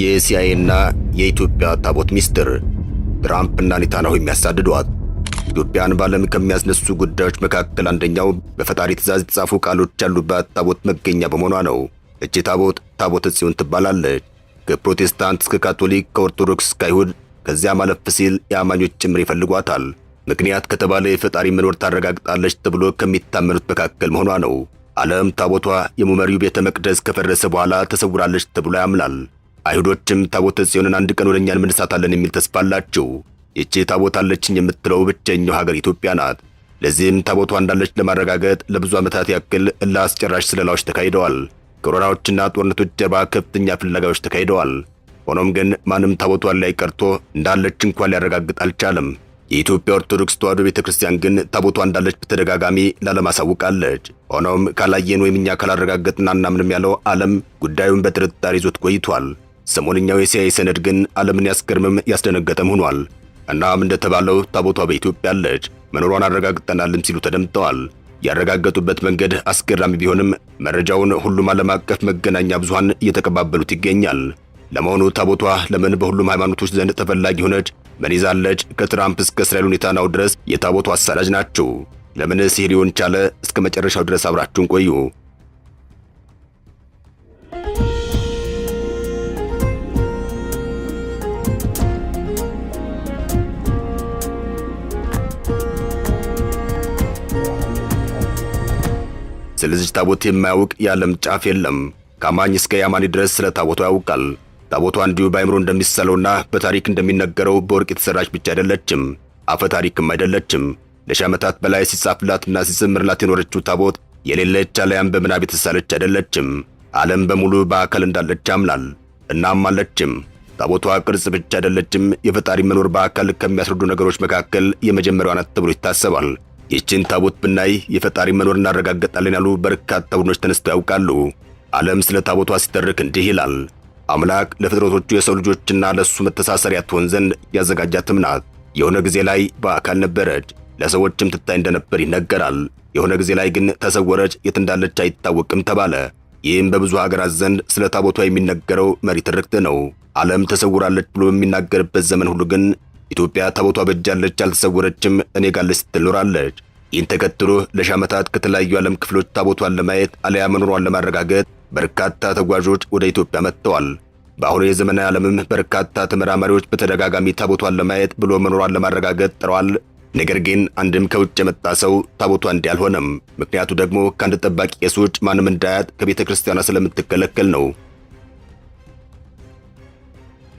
የሲአይኤና የኢትዮጵያ ታቦት ሚስጥር፣ ትራምፕና ኔታናሁ የሚያሳድዷት። ኢትዮጵያን በዓለም ከሚያስነሱ ጉዳዮች መካከል አንደኛው በፈጣሪ ትእዛዝ የተጻፉ ቃሎች ያሉባት ታቦት መገኛ በመሆኗ ነው። እቺ ታቦት ታቦተ ጽዮን ትባላለች። ከፕሮቴስታንት እስከ ካቶሊክ፣ ከኦርቶዶክስ እስከ አይሁድ፣ ከዚያ ማለፍ ሲል የአማኞች ጭምር ይፈልጓታል። ምክንያት ከተባለ የፈጣሪ መኖር ታረጋግጣለች ተብሎ ከሚታመኑት መካከል መሆኗ ነው። ዓለም ታቦቷ የሙመሪው ቤተ መቅደስ ከፈረሰ በኋላ ተሰውራለች ተብሎ ያምናል። አይሁዶችም ታቦተ ጽዮንን አንድ ቀን ወደኛ እንመልሳታለን የሚል ተስፋ አላቸው። ይቺ ታቦት አለችኝ የምትለው ብቸኛው ሀገር ኢትዮጵያ ናት። ለዚህም ታቦቷ እንዳለች ለማረጋገጥ ለብዙ ዓመታት ያክል አስጨራሽ ስለላዎች ተካሂደዋል። ኮሮናዎችና ጦርነቶች ጀርባ ከፍተኛ ፍለጋዎች ተካሂደዋል። ሆኖም ግን ማንም ታቦቷን ላይ ቀርቶ እንዳለች እንኳን ሊያረጋግጥ አልቻለም። የኢትዮጵያ ኦርቶዶክስ ተዋሕዶ ቤተ ክርስቲያን ግን ታቦቷ እንዳለች በተደጋጋሚ ለዓለም አሳውቃለች። ሆኖም ካላየን ወይም እኛ ካላረጋገጥና አናምንም ያለው ዓለም ጉዳዩን በጥርጣሬ ይዞት ቆይቷል። ሰሞንኛው የሲአይኤ ሰነድ ግን ዓለምን ያስገርምም ያስደነገጠም ሆኗል። እናም እንደተባለው ታቦቷ በኢትዮጵያ አለች፣ መኖሯን አረጋግጠናልም ሲሉ ተደምጠዋል። ያረጋገጡበት መንገድ አስገራሚ ቢሆንም መረጃውን ሁሉም ዓለም አቀፍ መገናኛ ብዙሃን እየተቀባበሉት ይገኛል። ለመሆኑ ታቦቷ ለምን በሁሉም ሃይማኖቶች ዘንድ ተፈላጊ ሆነች? ምን ይዛለች? ከትራምፕ እስከ እስራኤል ኔታንያሁ ድረስ የታቦቷ አሳዳጅ ናቸው። ለምንስ ይህ ሊሆን ቻለ? እስከ መጨረሻው ድረስ አብራችሁን ቆዩ። ስለዚህ ታቦት የማያውቅ የዓለም ጫፍ የለም። ከአማኝ እስከ ያማኒ ድረስ ስለ ታቦቷ ያውቃል። ታቦቷ እንዲሁ በአይምሮ እንደሚሳለውና በታሪክ እንደሚነገረው በወርቅ የተሰራች ብቻ አይደለችም፣ አፈ ታሪክም አይደለችም። ለሺ ዓመታት በላይ ሲጻፍላትና ሲዘምርላት የኖረችው ታቦት የሌለች አለያም በምናብ የተሳለች አይደለችም። ዓለም በሙሉ በአካል እንዳለች ያምናል። እናም አለችም። ታቦቷ ቅርጽ ብቻ አይደለችም። የፈጣሪ መኖር በአካል ከሚያስረዱ ነገሮች መካከል የመጀመሪያዋ ናት ተብሎ ይታሰባል። ይህችን ታቦት ብናይ የፈጣሪ መኖር እናረጋግጣለን ያሉ በርካታ ቡድኖች ተነስተው ያውቃሉ። ዓለም ስለ ታቦቷ ሲተርክ እንዲህ ይላል። አምላክ ለፍጥረቶቹ የሰው ልጆችና ለእሱ መተሳሰሪያ ትሆን ዘንድ ያዘጋጃትም ናት። የሆነ ጊዜ ላይ በአካል ነበረች፣ ለሰዎችም ትታይ እንደነበር ይነገራል። የሆነ ጊዜ ላይ ግን ተሰወረች፣ የት እንዳለች አይታወቅም ተባለ። ይህም በብዙ ሀገራት ዘንድ ስለ ታቦቷ የሚነገረው መሪ ትርክት ነው። ዓለም ተሰውራለች ብሎ በሚናገርበት ዘመን ሁሉ ግን ኢትዮጵያ ታቦቷ በእጃለች አልተሰወረችም፣ እኔ ጋለች ስትል ኖራለች። ይህን ተከትሎ ለሺ ዓመታት ከተለያዩ ዓለም ክፍሎች ታቦቷን ለማየት አለያ መኖሯን ለማረጋገጥ በርካታ ተጓዦች ወደ ኢትዮጵያ መጥተዋል። በአሁኑ የዘመናዊ ዓለምም በርካታ ተመራማሪዎች በተደጋጋሚ ታቦቷን ለማየት ብሎ መኖሯን ለማረጋገጥ ጥረዋል። ነገር ግን አንድም ከውጭ የመጣ ሰው ታቦቷ እንዲህ አልሆነም። ምክንያቱ ደግሞ ከአንድ ጠባቂ ቄሶች ማንም እንዳያት ከቤተ ክርስቲያኗ ስለምትከለከል ነው።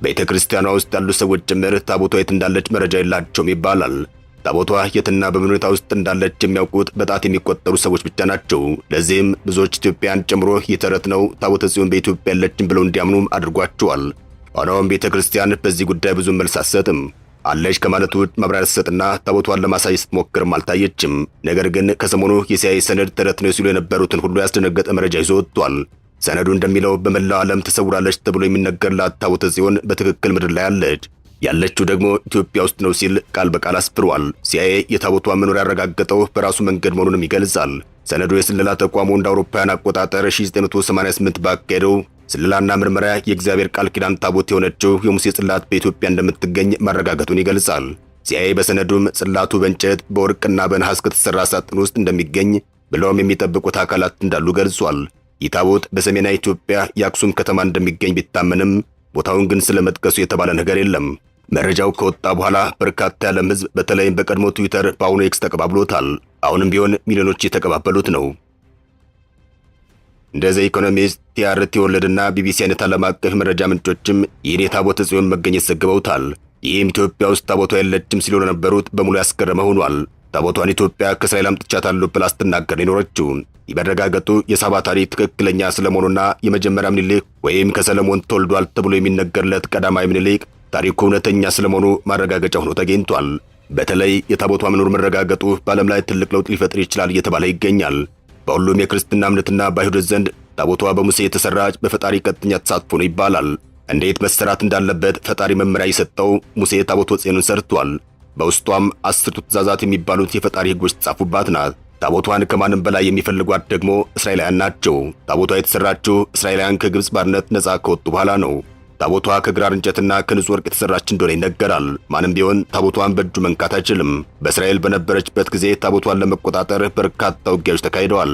ቤተ ክርስቲያኗ ውስጥ ያሉ ሰዎች ጭምር ታቦቷ የት እንዳለች መረጃ የላቸውም ይባላል። ታቦቷ የትና በምን ሁኔታ ውስጥ እንዳለች የሚያውቁት በጣት የሚቆጠሩ ሰዎች ብቻ ናቸው። ለዚህም ብዙዎች ኢትዮጵያን ጨምሮ የተረት ነው ታቦተ ጽዮን በኢትዮጵያ ያለችን ብለው እንዲያምኑ አድርጓቸዋል። ሆኖም ቤተ ክርስቲያን በዚህ ጉዳይ ብዙ መልስ አትሰጥም። አለች ከማለት ውጭ ማብራሪያ ስትሰጥና ታቦቷን ለማሳየት ስትሞክርም አልታየችም። ነገር ግን ከሰሞኑ የሲአይኤ ሰነድ ተረት ነው ሲሉ የነበሩትን ሁሉ ያስደነገጠ መረጃ ይዞ ወጥቷል። ሰነዱ እንደሚለው በመላው ዓለም ተሰውራለች ተብሎ የሚነገርላት ታቦተ ጽዮን በትክክል ምድር ላይ አለች፣ ያለችው ደግሞ ኢትዮጵያ ውስጥ ነው ሲል ቃል በቃል አስፍሯል። ሲአይኤ የታቦቷ መኖር ያረጋገጠው በራሱ መንገድ መሆኑንም ይገልጻል። ሰነዱ የስለላ ተቋሙ እንደ አውሮፓውያን አቆጣጠር 1988 ባካሄደው ስለላና ምርመራ የእግዚአብሔር ቃል ኪዳን ታቦት የሆነችው የሙሴ ጽላት በኢትዮጵያ እንደምትገኝ ማረጋገጡን ይገልጻል። ሲአይኤ በሰነዱም ጽላቱ በእንጨት በወርቅና በነሐስ ከተሰራ ሳጥን ውስጥ እንደሚገኝ ብለውም የሚጠብቁት አካላት እንዳሉ ገልጿል። ይህ ታቦት በሰሜናዊ ኢትዮጵያ የአክሱም ከተማ እንደሚገኝ ቢታመንም ቦታውን ግን ስለመጥቀሱ የተባለ ነገር የለም። መረጃው ከወጣ በኋላ በርካታ ያለም ሕዝብ በተለይም በቀድሞ ትዊተር በአሁኑ ኤክስ ተቀባብሎታል። አሁንም ቢሆን ሚሊዮኖች የተቀባበሉት ነው። እንደ ዘ ኢኮኖሚስት፣ ቲአርቲ ወለድና ቢቢሲ አይነት ዓለም አቀፍ መረጃ ምንጮችም ይህን የታቦተ ጽዮን መገኘት ዘግበውታል። ይህም ኢትዮጵያ ውስጥ ታቦቷ የለችም ሲሉ ነበሩት በሙሉ ያስገረመ ሆኗል። ታቦቷን ኢትዮጵያ ከእስራኤል አምጥቻታለሁ ብላ ስትናገር የኖረችው የመረጋገጡ የሳባ ታሪክ ትክክለኛ ስለመሆኑና የመጀመሪያ ምኒልክ ወይም ከሰለሞን ተወልዷል ተብሎ የሚነገርለት ቀዳማዊ ምኒልክ ታሪኩ እውነተኛ ስለመሆኑ ማረጋገጫ ሆኖ ተገኝቷል። በተለይ የታቦቷ መኖር መረጋገጡ በዓለም ላይ ትልቅ ለውጥ ሊፈጥር ይችላል እየተባለ ይገኛል። በሁሉም የክርስትና እምነትና በአይሁዶች ዘንድ ታቦቷ በሙሴ የተሰራች በፈጣሪ ቀጥተኛ ተሳትፎ ነው ይባላል። እንዴት መሰራት እንዳለበት ፈጣሪ መመሪያ የሰጠው ሙሴ ታቦተ ጽዮንን ሰርቷል። በውስጧም አስርቱ ትእዛዛት የሚባሉት የፈጣሪ ህጎች የተጻፉባት ናት። ታቦቷን ከማንም በላይ የሚፈልጓት ደግሞ እስራኤላውያን ናቸው። ታቦቷ የተሰራችው እስራኤላውያን ከግብፅ ባርነት ነፃ ከወጡ በኋላ ነው። ታቦቷ ከግራር እንጨትና ከንጹህ ወርቅ የተሰራች እንደሆነ ይነገራል። ማንም ቢሆን ታቦቷን በእጁ መንካት አይችልም። በእስራኤል በነበረችበት ጊዜ ታቦቷን ለመቆጣጠር በርካታ ውጊያዎች ተካሂደዋል።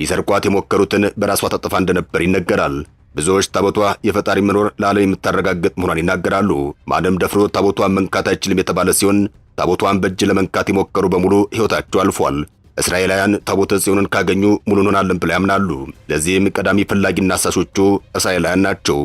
ሊሰርቋት የሞከሩትን በራሷ ታጠፋ እንደነበር ይነገራል። ብዙዎች ታቦቷ የፈጣሪ መኖር ለዓለም የምታረጋግጥ መሆኗን ይናገራሉ። ማንም ደፍሮ ታቦቷን መንካት አይችልም የተባለ ሲሆን ታቦቷን በእጅ ለመንካት የሞከሩ በሙሉ ሕይወታቸው አልፏል። እስራኤላውያን ታቦተ ጽዮንን ካገኙ ሙሉ እንሆናለን ብለው ያምናሉ። ለዚህም ቀዳሚ ፈላጊና አሳሾቹ እስራኤላውያን ናቸው።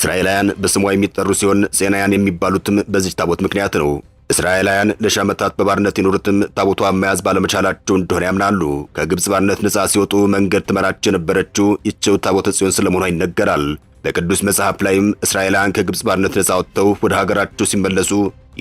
እስራኤላውያን በስሟ የሚጠሩ ሲሆን ሴናያን የሚባሉትም በዚህ ታቦት ምክንያት ነው። እስራኤላውያን ለሺ ዓመታት በባርነት የኖሩትም ታቦቷ መያዝ ባለመቻላቸው እንደሆነ ያምናሉ። ከግብፅ ባርነት ነፃ ሲወጡ መንገድ ትመራቸው የነበረችው ይቸው ታቦተ ጽዮን ስለመሆኗ ይነገራል። በቅዱስ መጽሐፍ ላይም እስራኤላውያን ከግብፅ ባርነት ነፃ ወጥተው ወደ ሀገራቸው ሲመለሱ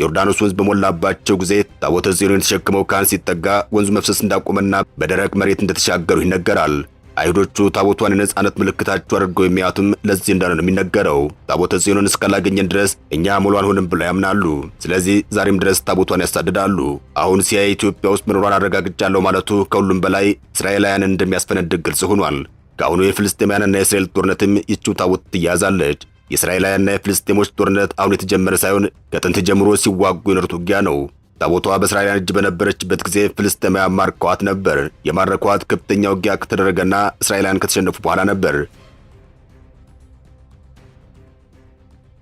ዮርዳኖስ ወንዝ በሞላባቸው ጊዜ ታቦተ ጽዮን የተሸክመው ካህን ሲጠጋ ወንዙ መፍሰስ እንዳቆመና በደረቅ መሬት እንደተሻገሩ ይነገራል። አይሁዶቹ ታቦቷን የነጻነት ምልክታቸው አድርገው የሚያዩትም ለዚህ እንዳለ ነው የሚነገረው። ታቦተ ጽዮንን እስካላገኘን ድረስ እኛ ሙሉ አልሆንም ብለው ያምናሉ። ስለዚህ ዛሬም ድረስ ታቦቷን ያሳድዳሉ። አሁን ሲያይ ኢትዮጵያ ውስጥ መኖሯን አረጋግጫለሁ ማለቱ ከሁሉም በላይ እስራኤላውያንን እንደሚያስፈነድግ ግልጽ ሆኗል። ከአሁኑ የፍልስጤማያንና የእስራኤል ጦርነትም ይቺው ታቦት ትያያዛለች። የእስራኤላውያንና የፍልስጤሞች ጦርነት አሁን የተጀመረ ሳይሆን ከጥንት ጀምሮ ሲዋጉ የኖሩት ውጊያ ነው። ታቦቷ በእስራኤላውያን እጅ በነበረችበት ጊዜ ፍልስጤማውያን ማርከዋት ነበር። የማረኳት ከፍተኛ ውጊያ ከተደረገና እስራኤላን ከተሸነፉ በኋላ ነበር።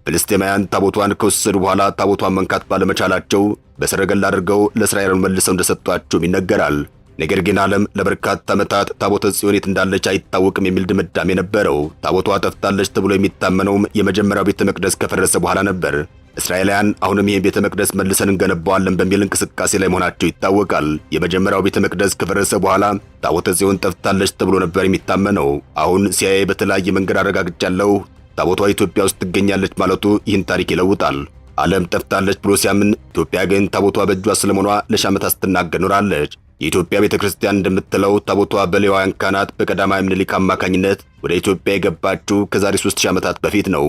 ፍልስጤማውያን ታቦቷን ከወሰዱ በኋላ ታቦቷን መንካት ባለመቻላቸው በሰረገላ አድርገው ለእስራኤል መልሰው እንደሰጧቸውም ይነገራል። ነገር ግን ዓለም ለበርካታ ዓመታት ታቦተ ጽዮን የት እንዳለች አይታወቅም የሚል ድምዳሜ ነበረው። ታቦቷ ጠፍታለች ተብሎ የሚታመነውም የመጀመሪያው ቤተ መቅደስ ከፈረሰ በኋላ ነበር። እስራኤላውያን አሁንም ይህን ቤተ መቅደስ መልሰን እንገነባዋለን በሚል እንቅስቃሴ ላይ መሆናቸው ይታወቃል። የመጀመሪያው ቤተ መቅደስ ከፈረሰ በኋላ ታቦተ ጽዮን ጠፍታለች ተብሎ ነበር የሚታመነው። አሁን ሲአይኤ በተለያየ መንገድ አረጋግጫለሁ ታቦቷ ኢትዮጵያ ውስጥ ትገኛለች ማለቱ ይህን ታሪክ ይለውጣል። ዓለም ጠፍታለች ብሎ ሲያምን፣ ኢትዮጵያ ግን ታቦቷ በእጇ ስለመሆኗ ለሺህ ዓመታት ስትናገር ኖራለች። የኢትዮጵያ ቤተ ክርስቲያን እንደምትለው ታቦቷ በሌዋውያን ካህናት በቀዳማዊ ምኒልክ አማካኝነት ወደ ኢትዮጵያ የገባችው ከዛሬ 3000 ዓመታት በፊት ነው።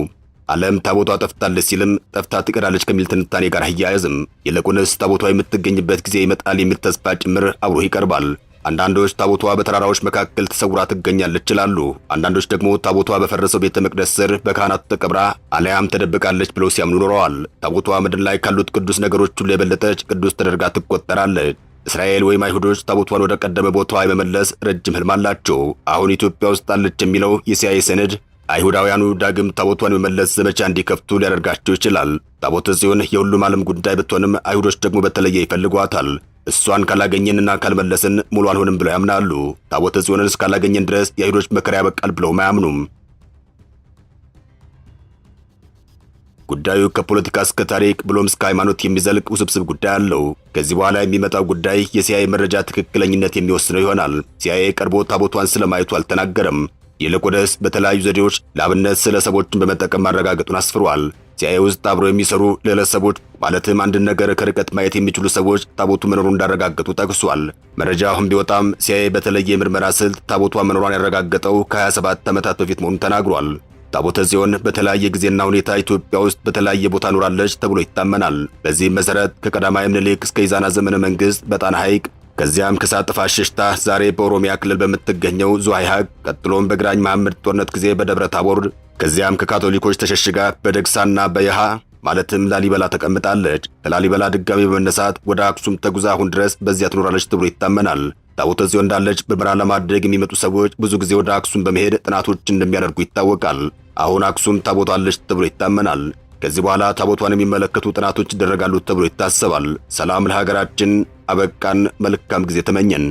ዓለም ታቦቷ ጠፍታለች ሲልም ጠፍታ ትቀራለች ከሚል ትንታኔ ጋር አያያዝም። ይልቁንስ ታቦቷ የምትገኝበት ጊዜ ይመጣል የሚል ተስፋ ጭምር አብሮ ይቀርባል። አንዳንዶች ታቦቷ በተራራዎች መካከል ተሰውራ ትገኛለች ይላሉ። አንዳንዶች ደግሞ ታቦቷ በፈረሰው ቤተ መቅደስ ስር በካህናት ተቀብራ አለያም ተደብቃለች ብለው ሲያምኑ ኖረዋል። ታቦቷ ምድር ላይ ካሉት ቅዱስ ነገሮች ሁሉ የበለጠች ቅዱስ ተደርጋ ትቆጠራለች። እስራኤል ወይም አይሁዶች ታቦቷን ወደ ቀደመ ቦታዋ የመመለስ ረጅም ህልም አላቸው። አሁን ኢትዮጵያ ውስጥ አለች የሚለው የሲአይኤ ሰነድ አይሁዳውያኑ ዳግም ታቦቷን የመመለስ ዘመቻ እንዲከፍቱ ሊያደርጋቸው ይችላል። ታቦት ጽዮን የሁሉም ዓለም ጉዳይ ብትሆንም አይሁዶች ደግሞ በተለየ ይፈልጓታል። እሷን ካላገኘንና ካልመለስን ሙሉ አልሆንም ብለው ያምናሉ። ታቦተ ጽዮንን እስካላገኘን ድረስ የአይሁዶች መከራ ያበቃል ብለውም አያምኑም። ጉዳዩ ከፖለቲካ እስከ ታሪክ ብሎም እስከ ሃይማኖት የሚዘልቅ ውስብስብ ጉዳይ አለው። ከዚህ በኋላ የሚመጣው ጉዳይ የሲአይኤ መረጃ ትክክለኝነት የሚወስነው ይሆናል። ሲአይኤ ቀርቦ ታቦቷን ስለማየቱ አልተናገረም። ይልቁንስ በተለያዩ ዘዴዎች ለአብነት ስለሰቦችን በመጠቀም ማረጋገጡን አስፍሯል። ሲአይኤ ውስጥ አብረው የሚሰሩ ሰቦች ማለትም አንድን ነገር ከርቀት ማየት የሚችሉ ሰዎች ታቦቱ መኖሩን እንዳረጋገጡ ጠቅሷል። መረጃ አሁን ቢወጣም ሲአይኤ በተለየ ምርመራ ስልት ታቦቷ መኖሯን ያረጋገጠው ከ27 ዓመታት በፊት መሆኑን ተናግሯል። ታቦተ ጽዮን በተለያየ ጊዜና ሁኔታ ኢትዮጵያ ውስጥ በተለያየ ቦታ ኖራለች ተብሎ ይታመናል። በዚህም መሰረት ከቀዳማዊ ምኒልክ እስከ ኢዛና ዘመነ መንግስት በጣና ሐይቅ ከዚያም ከሳት ጥፋት ሸሽታ ዛሬ በኦሮሚያ ክልል በምትገኘው ዙሃይ ቀጥሎም በግራኝ መሐመድ ጦርነት ጊዜ በደብረ ታቦር፣ ከዚያም ከካቶሊኮች ተሸሽጋ በደግሳና በየሃ ማለትም ላሊበላ ተቀምጣለች። ከላሊበላ ድጋሚ በመነሳት ወደ አክሱም ተጉዛ አሁን ድረስ በዚያ ትኖራለች ተብሎ ይታመናል። ታቦተ ጽዮን እንዳለች ምርመራ ለማድረግ የሚመጡ ሰዎች ብዙ ጊዜ ወደ አክሱም በመሄድ ጥናቶች እንደሚያደርጉ ይታወቃል። አሁን አክሱም ታቦቷለች ተብሎ ይታመናል። ከዚህ በኋላ ታቦቷን የሚመለከቱ ጥናቶች ይደረጋሉ ተብሎ ይታሰባል። ሰላም ለሀገራችን አበቃን። መልካም ጊዜ ተመኘን።